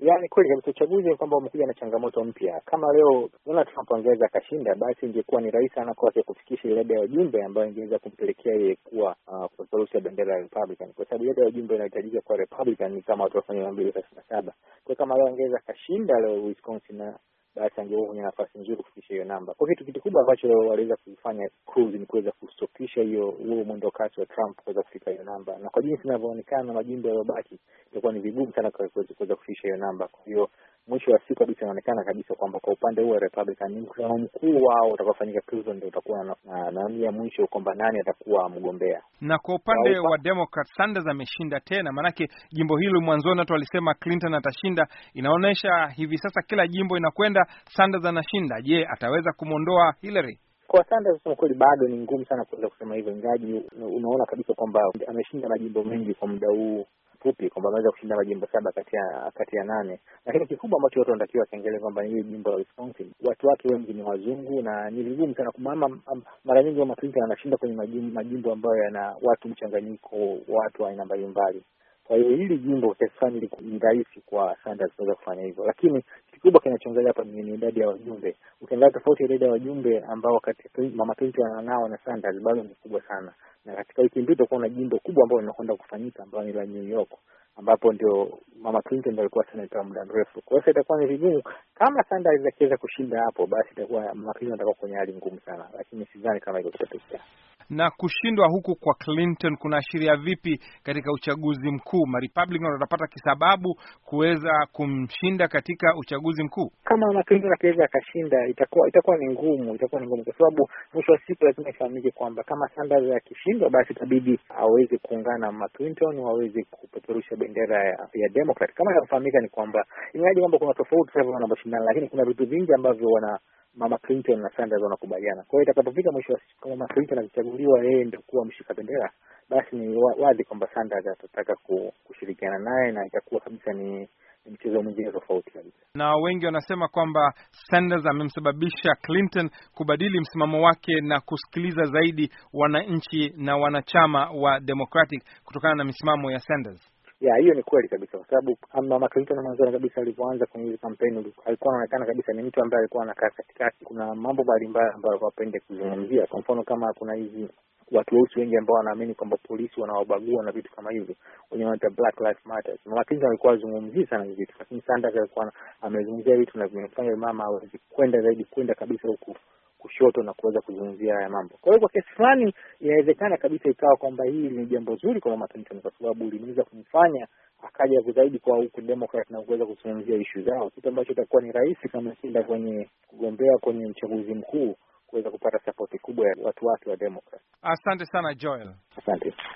Yani kweli kabisa, uchaguzi kwamba umekuja na changamoto mpya. Kama leo Donald Trump angeweza akashinda, basi ingekuwa ni rahisi sana kwake kufikisha idadi ya wajumbe ambayo ingeweza kumpelekea yeye kuwa uh, kupeperusha ya bendera ya Republican, kwa sababu idadi ya wajumbe inahitajika kwa Republican ni kama watu wafanya mia mbili thelathini na saba. Kwa kama leo angeweza akashinda leo Wisconsin na basi angekuwa kwenye nafasi nzuri kufikisha hiyo namba. Kwa kitu kubwa ambacho waliweza kufanya Cruz ni kuweza kustopisha hiyo huo mwendo kasi wa Trump kuweza kufika hiyo namba, na kwa jinsi inavyoonekana majimbo yaliyobaki itakuwa ni vigumu sana kuweza kufikisha hiyo namba. Kwa hiyo mwisho wa siku kabisa inaonekana kabisa kwamba kwa upande huo wa Republican mkutano mkuu wao utakaofanyika Cleveland ndio utakuwa na nani ya mwisho kwamba nani atakuwa mgombea. Na kwa upande wa Democrat, Sanders ameshinda tena, maanake jimbo hilo mwanzoni watu walisema Clinton atashinda. Inaonyesha hivi sasa kila jimbo inakwenda Sanders anashinda. Je, ataweza kumwondoa Hillary? Kwa Sanders kusema kweli, bado ni ngumu sana kuweza kusema hivyo, ingaji unaona kabisa kwamba ameshinda majimbo mengi kwa muda huu fupi kwamba anaweza kushinda majimbo saba kati ya kati ya nane, lakini kikubwa ambacho watu wanatakiwa wakiangalia kwamba hili jimbo la Wisconsin watu wake wengi ni wazungu na ni vigumu sana kumama. mara nyingi Mama Clinton anashinda kwenye majimbo, ambayo yana watu mchanganyiko watu aina mbalimbali. Kwa hiyo hili jimbo kiasi ni rahisi kwa Sanders kuweza kufanya hivyo, lakini kikubwa kinachoangalia hapa ni idadi ya wajumbe. Ukiangalia tofauti ya idadi ya wajumbe ambao wakati Mama Clinton ananao na Sanders bado ni kubwa sana na katika wiki mbili tutakuwa na jimbo kubwa ambalo linakwenda kufanyika ambalo ni la New York ambapo ndio mama Clinton alikuwa seneta wa muda mrefu. Kwa hiyo itakuwa ni vigumu kama Sanders akiweza kushinda hapo, basi itakuwa mama Clinton atakuwa kwenye hali ngumu sana, lakini sidhani kama hilo kitatokea. Na kushindwa huku kwa Clinton kuna ashiria vipi katika uchaguzi mkuu? Ma Republican watapata kisababu kuweza kumshinda katika uchaguzi mkuu. Kama mama Clinton akiweza akashinda, itakuwa itakuwa ni ngumu, itakuwa ni ngumu kwa sababu mwisho wa siku lazima ifahamike kwamba kama Sanders akishindwa, basi itabidi aweze kuungana na mama Clinton waweze kupeperusha bendera ya, ya Democrat. Kama inavyofahamika ni kwamba ingawaje kwamba kuna tofauti sasa na mashindano, lakini kuna vitu vingi ambavyo wana mama Clinton na Sanders wanakubaliana. Kwa hiyo itakapofika mwisho wa siku, mama Clinton akichaguliwa yeye ndio kuwa mshika bendera, basi ni wazi kwamba Sanders atataka kushirikiana naye na itakuwa kabisa ni mchezo mwingine tofauti kabisa. Na wengi wanasema kwamba Sanders amemsababisha Clinton kubadili msimamo wake na kusikiliza zaidi wananchi na wanachama wa Democratic kutokana na misimamo ya Sanders ya hiyo ni kweli kabisa, kwa sababu Mama Clinton mwanzoni kabisa alivyoanza kwenye ile kampeni alikuwa anaonekana kabisa ni mtu ambaye alikuwa anakaa katikati. Kuna mambo mbalimbali ambayo wapende kuzungumzia, kwa mfano kama kuna hizi watu weusi wengi ambao wanaamini kwamba polisi wanawabagua na vitu kama hivyo, wenye wanaita Black Lives Matter. Mama Clinton alikuwa azungumzii sana hivi vitu, lakini Sanders alikuwa amezungumzia vitu na vimefanya mama awezi kwenda zaidi, kwenda kabisa huku kushoto na kuweza kuzungumzia haya mambo. Kwa hiyo kwa kesi fulani inawezekana kabisa ikawa kwamba hili ni jambo zuri kwa Mama Clinton, kwa sababu limeweza kumfanya akaja zaidi kwa huku Democrat na kuweza kuzungumzia ishu zao, kitu ambacho itakuwa ni rahisi kama shinda kwenye kugombea kwenye uchaguzi mkuu kuweza kupata sapoti kubwa ya watu wake wa Democrat. Asante sana Joel, asante.